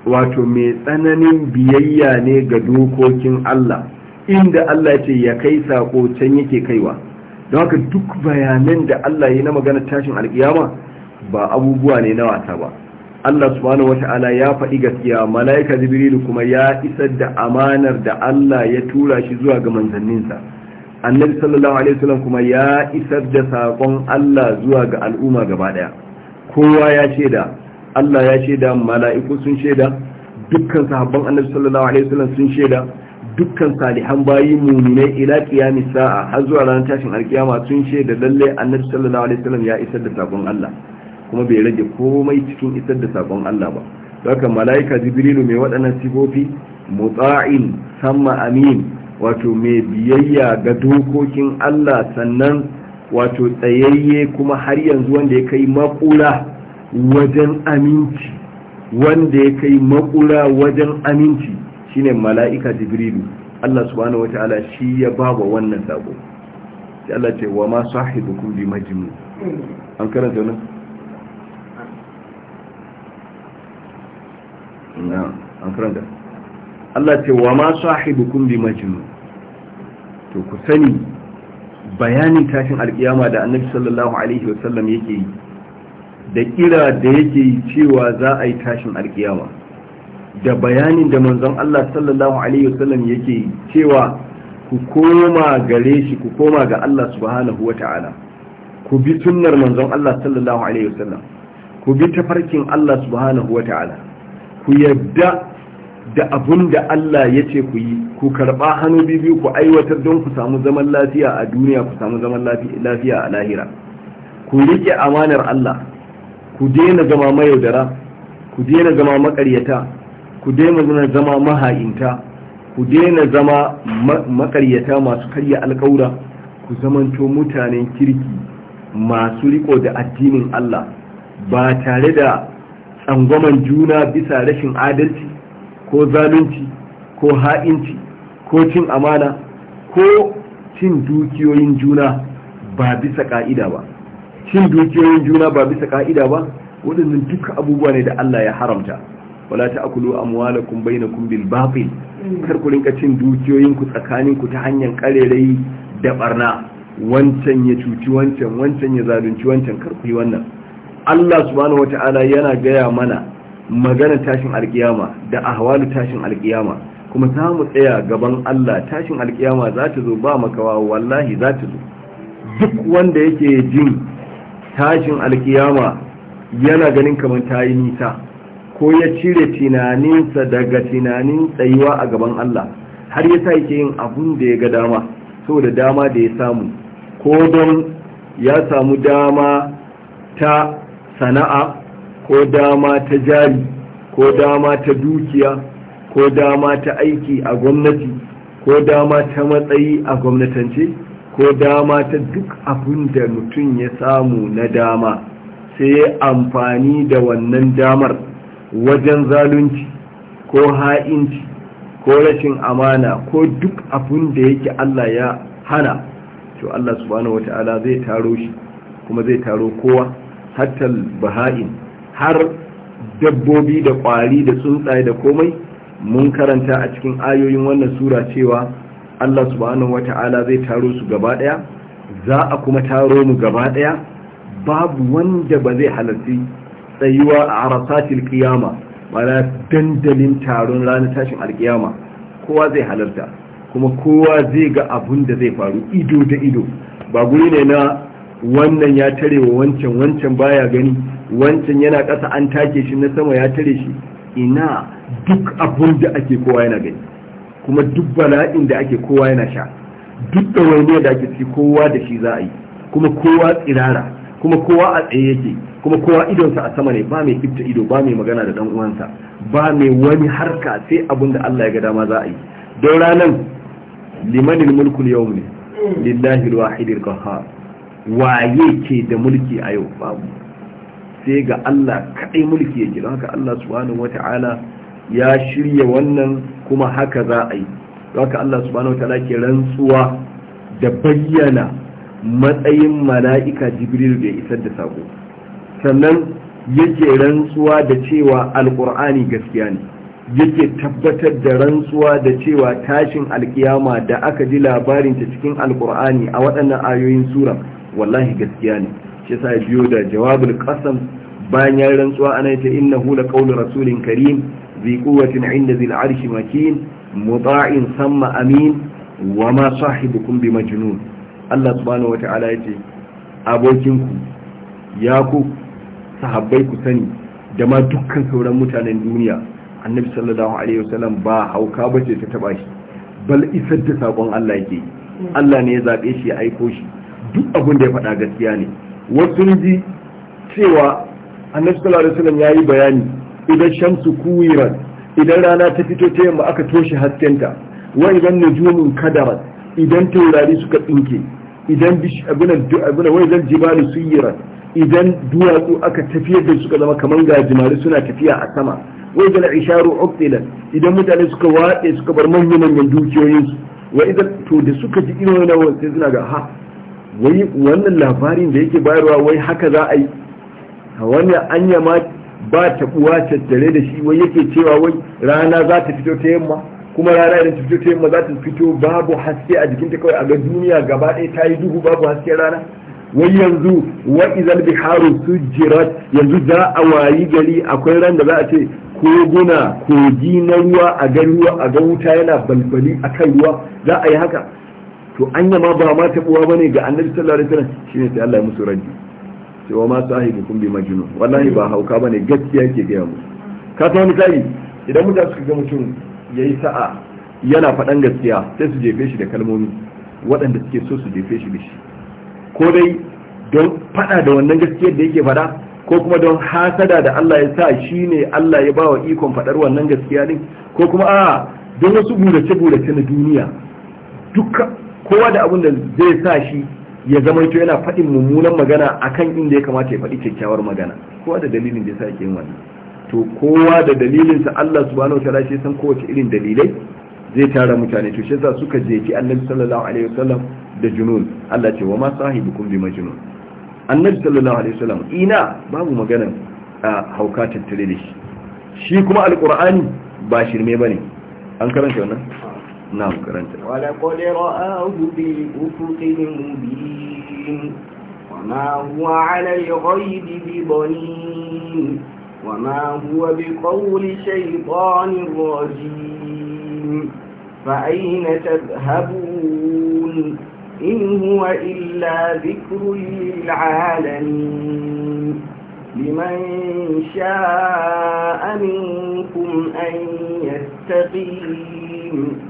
wato mai tsananin biyayya ne ga dokokin Allah inda Allah ce ya kai sako can yake kaiwa don haka duk bayanan da Allah ya na magana tashin alkiyama ba abubuwa ne na wasa ba Allah subhanahu wata'ala ya faɗi gaskiya malaika jibril kuma ya isar da amanar da Allah ya tura shi zuwa ga manzanninsa annabi sallallahu alaihi wasallam kuma ya isar da sakon Allah zuwa ga al'umma gaba daya kowa ya da, Allah ya da, mala'iku sun da, dukkan sahabban annabi sallallahu alaihi wasallam sun shaida dukkan salihan bayi muminai ila qiyami sa'a har zuwa ranar tashin alkiyama sun ce da lalle annabi sallallahu alaihi wasallam ya isar da sakon Allah kuma bai rage komai cikin isar da sakon Allah ba haka malaika jibrilu mai waɗannan sifofi mutsa'in sama amin wato mai biyayya ga dokokin Allah sannan wato tsayayye kuma har yanzu wanda ya kai makula wajen aminci wanda ya kai makura wajen aminci shine mala'ika jibrilu Allah subhanahu wataala shi ya wa wannan sako shi Allah ce wa ma sahibukum bi majnun an karanta wannan na an karanta Allah ce wa ma sahibukum bi majnun to ku sani bayanin tashin alkiyama da annabi sallallahu alaihi wasallam yake yi da kira da yake yi cewa za a yi tashin alkiyama da bayanin da manzon Allah sallallahu alaihi wasallam yake cewa ku koma gare shi ku koma ga Allah subhanahu wata'ala ku bi sunnar manzon Allah sallallahu alaihi wasallam ku bi tafarkin Allah subhanahu wata'ala ku yadda da abun da Allah ya ce ku yi ku karba hannu biyu ku aiwatar don ku samu zaman lafiya a duniya ku samu zaman lafiya a lahira ku rike amanar Allah ku daina zama mayaudara ku daina zama makaryata ku daina zama maha'inta ku daina zama makaryata masu karya alkaura ku zamanto mutanen kirki masu riko da addinin Allah ba tare da tsangwaman juna bisa rashin adalci ko zalunci ko ha'inci ko cin amana ko cin dukiyoyin juna ba bisa ka'ida ba cin dukiyoyin juna ba bisa ka'ida ba waɗannan duka abubuwa ne da Allah ya haramta wala ta akulu amwalakum bainakum bil batil kar ku rinka cin dukiyoyin ku tsakanin ku ta hanyar karerai da barna wancan ya cuci wancan wancan ya zalunci wancan kar ku yi wannan Allah subhanahu wata'ala yana gaya mana magana tashin alkiyama da ahwalu tashin alkiyama kuma ta mu tsaya gaban Allah tashin alkiyama za ta zo ba makawa wallahi za ta zo duk wanda yake jin tashin alkiyama yana ganin kamar ta yi nisa ko ya cire tunaninsa daga tunanin tsayuwa a gaban Allah har ya sa yake yin abun da ya ga dama saboda dama da ya samu ko don ya samu dama ta sana'a ko dama ta jari ko dama ta dukiya ko dama ta aiki a gwamnati ko dama ta matsayi a gwamnatance ko dama ta duk abun da mutum ya samu na dama sai amfani da wannan damar wajen zalunci ko ha'inci ko rashin amana ko duk abin da yake Allah ya hana to Allah subhanahu wata'ala zai taro shi kuma zai taro kowa hatta baha'in har dabbobi da kwari da tsuntsaye da komai mun karanta a cikin ayoyin wannan sura cewa Allah subhanahu wata'ala zai taro su gaba daya za a kuma taro mu gaba daya babu wanda ba zai halarci tsayuwa a arasatil kiyama mana dandalin taron ranar tashin alkiyama kowa zai halarta kuma kowa zai ga abun da zai faru ido da ido ba guri ne na wannan ya tare wa wancan wancan baya gani wancan yana ƙasa an take shi na sama ya tare shi ina duk abun da ake kowa yana gani kuma duk bala'in da ake kowa yana sha duk da wani da ake ci kowa da shi za a yi kuma kowa tsirara kuma kowa a tsaye yake kuma kowa idonsa a sama ne ba mai ibta ido ba mai magana da dan uwansa ba mai wani harka sai abin da Allah ya ga dama za a yi don ranan limanil mulku yau ne lillahi alwahidil qahhar waye ke da mulki a yau babu sai ga Allah kadai mulki yake don haka Allah subhanahu wata'ala ya shirya wannan kuma haka za a yi don haka Allah subhanahu wata'ala ke rantsuwa da bayyana matsayin mala'ika jibril da ya isar da sako sannan yake rantsuwa da cewa alkur'ani gaskiya ne yake tabbatar da rantsuwa da cewa tashin alkiyama da aka ji labarinta cikin alƙur'ani a waɗannan ayoyin sura wallahi gaskiya ne shi sa biyo da jawabul qasam bayan ya rantsuwa ana ta hu la qawlu rasulin karim zi quwwatin 'inda zil 'arshi makin muta'in samma amin wa ma sahibukum bi majnun Allah subhanahu wata'ala ya ce abokinku ya ku sahabbai ku sani da ma dukkan sauran mutanen duniya annabi sallallahu alaihi wasallam ba hauka bace ta taba shi bal isar da sakon Allah yake Allah ne ya zabe shi ya aiko shi duk abin da ya faɗa gaskiya ne wasu ji cewa annabi sallallahu alaihi wasallam yayi bayani idan shamsu kuwirat idan rana ta fito ta yamma aka toshe haskenta wa idan najumun kadarat idan taurari suka tsinke idan abinan wai zan bani suyira idan duwatsu aka tafiyar da suka zama kamar gajimare suna tafiya a sama wai zan isharu uqtila idan mutane suka waɗe suka bar manyan manyan dukiyoyinsu wai idan to da suka ji irin wannan sai suna ga ha wai wannan labarin da yake bayarwa wai haka za a yi wannan anya ma ba ta tattare da shi wai yake cewa wai rana za ta fito ta yamma kuma rana idan ta fito ta yamma za ta fito babu haske a jikinta kawai a ga duniya gaba ɗaya ta yi duhu babu haske rana wai yanzu wa izal biharu sujirat yanzu za a wayi gari akwai ran da za a ce koguna kogi na ruwa a ga ruwa a ga wuta yana balbali a kan ruwa za a yi haka to anya ma ba ma tabuwa bane ga annabi sallallahu alaihi wasallam shine sai Allah ya musu sai wa ma sahibukum bi majnun wallahi ba hauka bane gaskiya yake ga mu ka ta misali idan mutane suka ga mutum ya yi sa'a yana faɗan gaskiya sai su jefe shi da kalmomi waɗanda suke so su jefe shi da shi ko dai don faɗa da wannan gaskiyar da yake faɗa ko kuma don hasada da Allah ya sa shi ne Allah ya ba wa ikon faɗar wannan gaskiya ne ko kuma a don wasu burace-burace na duniya duka kowa da abin da zai sa shi ya zama yana faɗin mummunan magana akan inda ya kamata ya faɗi kyakkyawar magana kowa da dalilin da ya sa yake yin wannan to kowa da dalilinsa Allah subhanahu wataala shi san kowace irin dalilai zai tara mutane to shi yasa suka jeki annabi sallallahu alaihi wasallam da junun Allah ce wa ma sahibukum bi majnun annabi sallallahu alaihi wasallam ina babu maganan hauka tattare da shi shi kuma alqur'ani ba shirme bane an karanta wannan na'am karanta
wa laqad ra'ahu bil ufuqil mubin wa ma huwa 'ala al-ghaibi bi dhanin وما هو بقول شيطان رجيم فأين تذهبون إن هو إلا ذكر للعالمين لمن شاء منكم أن يستقيم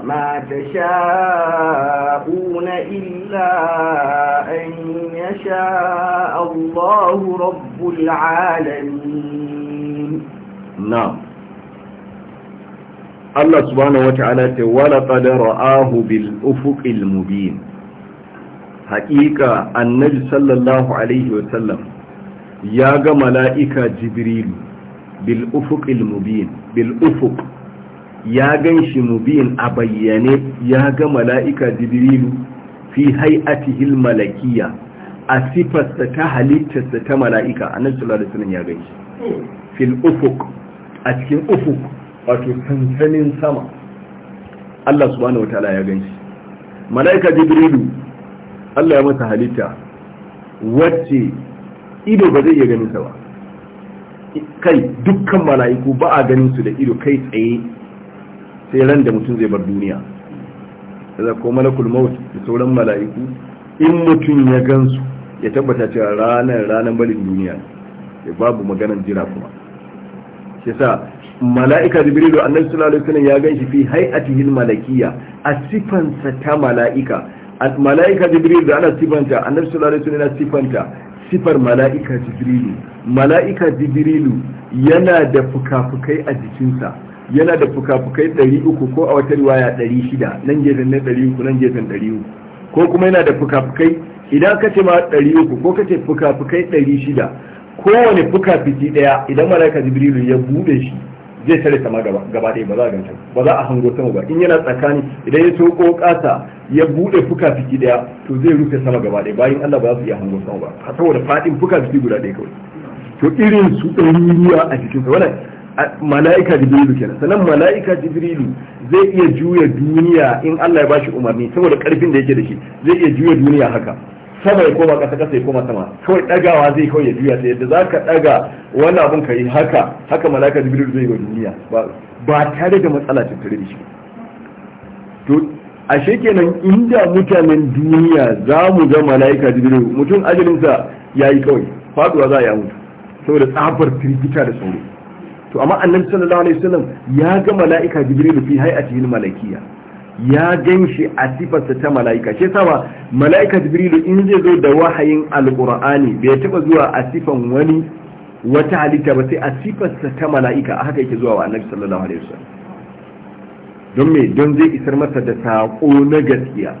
وما تشاءون إلا أن يشاء الله رب العالمين
نعم الله سبحانه وتعالى ولقد رآه بالأفق المبين حقيقة النبي صلى الله عليه وسلم يا ملائكة جبريل بالأفق المبين بالأفق ya gan shi mubin a bayyane ya ga mala'ika jibrilu fi hai'atihil malakiya a sifarsa ta halittarsa ta mala'ika a nan sallallahu da wasallam ya gan shi fil ufuk a cikin ufuk wato sansanin sama Allah subhanahu wataala ya gan shi mala'ika jibrilu Allah ya masa halitta wacce ido ba zai iya ganin sa ba kai dukkan mala'iku ba a ganin su da ido kai tsaye sai ran da mutum zai bar duniya da ko malakul maut da sauran mala'iku in mutum ya gansu ya tabbata cewa ranar ranar barin duniya ya babu maganan jira kuma shi sa mala'ika jibrilu annabi sallallahu alaihi wasallam ya ganshi fi hay'atihi malakiyya a sifansa ta mala'ika mala'ika jibrilu da ana sifanta annabi sallallahu alaihi wasallam yana sifanta sifar mala'ika jibrilu mala'ika jibrilu yana da fuka-fukai a jikinsa yana da fuka-fukai 300 ko a wata riwaya 600 nan gefen na 300 nan gefen 300 ko kuma yana da fuka-fukai idan ka ce ma 300 ko ka ce fuka-fukai 600 kowane fuka-fiki daya idan malaika jibrilu ya bude shi zai tare sama gaba ɗaya ba za a ganta ba za a hango sama ba in yana tsakani idan ya soko ƙasa ya buɗe fuka-fiki ɗaya to zai rufe sama gaba ɗaya bayan Allah ba za su iya hango sama ba saboda faɗin fuka guda ɗaya kawai to irin su ɗan a jikin wannan mala'ika jibrilu kenan sannan mala'ika jibrilu zai iya juya duniya in Allah ya bashi umarni saboda karfin da yake da shi zai iya juya duniya haka sama ya koma ƙasa ƙasa ya koma sama kawai ɗagawa zai kawai ya juya ta yadda za ka ɗaga wani abin ka yi haka haka Mala'ika Jibrilu zai yi wa duniya ba tare da matsala tare da shi to ashe kenan inda mutanen duniya za mu ga malaika Jibrilu mutum ajalinsa ya yi kawai faduwa za a yi mutu saboda tsabar firgita da sauri. to amma annabi sallallahu alaihi wasallam ya ga mala'ika jibril fi hay'atihi malakiya ya gan shi a sifarsa ta mala'ika shi yasa mala'ika jibrilu in zai zo da wahayin alqur'ani bai taba zuwa a sifan wani wata halitta ba sai a sifarsa ta mala'ika a haka yake zuwa wa annabi sallallahu alaihi wasallam don me don zai isar masa da saƙo na gaskiya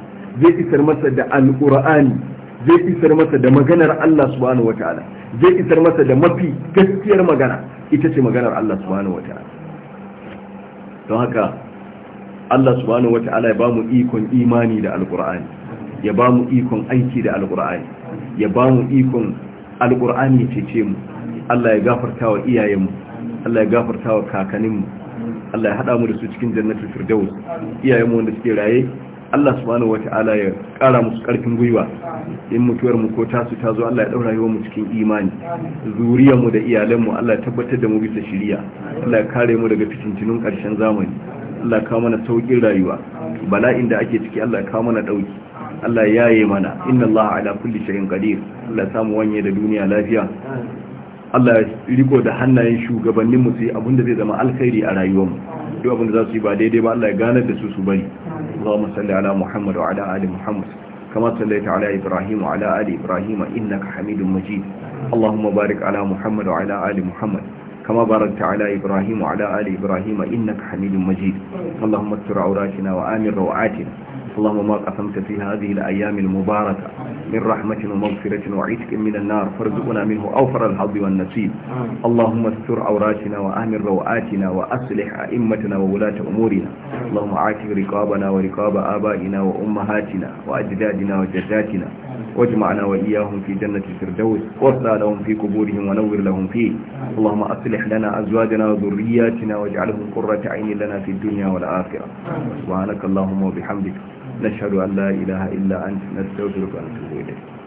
zai isar masa da alqur'ani zai isar masa da maganar Allah subhanahu ta'ala zai isar masa da mafi gaskiyar magana ita ce maganar Allah subhanahu ta'ala don haka Allah subhanahu ta'ala ya bamu ikon imani da alqur'ani ya bamu ikon aiki da alqur'ani ya bamu ikon alqur'ani ya cece mu Allah ya gafarta wa iyayenmu Allah ya gafarta wa kakanninmu Allah ya hada mu da su cikin jannatul firdaus iyayenmu wanda suke raye Allah subhanahu wata'ala ya kara musu karfin gwiwa in mutuwar mu ko tasu ta zo Allah ya daura yawan mu cikin imani zuriyar mu da iyalan mu Allah ya tabbatar da mu bisa shiriya Allah ya kare mu daga fitintunun karshen zamani Allah ya kawo mana saukin rayuwa bala'in da ake ciki Allah ya kawo mana dauki Allah ya yaye mana inna Allah ala kulli shay'in qadir Allah ya samu wanye da duniya lafiya Allah ya riko da hannayen shugabannin mu sai abun da zai zama alkhairi a rayuwarmu duk abin da za su yi ba daidai ba Allah ya ganar da su su bari Allahumma salli ala Muhammad wa ala ali Muhammad كما صليت على إبراهيم وعلى آل إبراهيم إنك حميد مجيد Muhammad. بارك على محمد وعلى آل محمد كما باركت على إبراهيم وعلى آل إبراهيم إنك حميد مجيد اللهم استر wa وآمن روعاتنا اللهم ما قسمت في هذه الأيام المباركة من رحمة ومغفرة وعتق من النار فارزقنا منه أوفر الحظ والنصيب اللهم استر عوراتنا وأمن روآتنا وأصلح أئمتنا وولاة أمورنا اللهم عاتب رقابنا ورقاب آبائنا وأمهاتنا وأجدادنا وجداتنا واجمعنا وإياهم في جنة الفردوس وارضى لهم في قبورهم ونور لهم فيه اللهم أصلح لنا أزواجنا وذرياتنا واجعلهم قرة عين لنا في الدنيا والآخرة سبحانك اللهم وبحمدك نشهد أن لا إله إلا أنت نستغفرك ونتوب إليك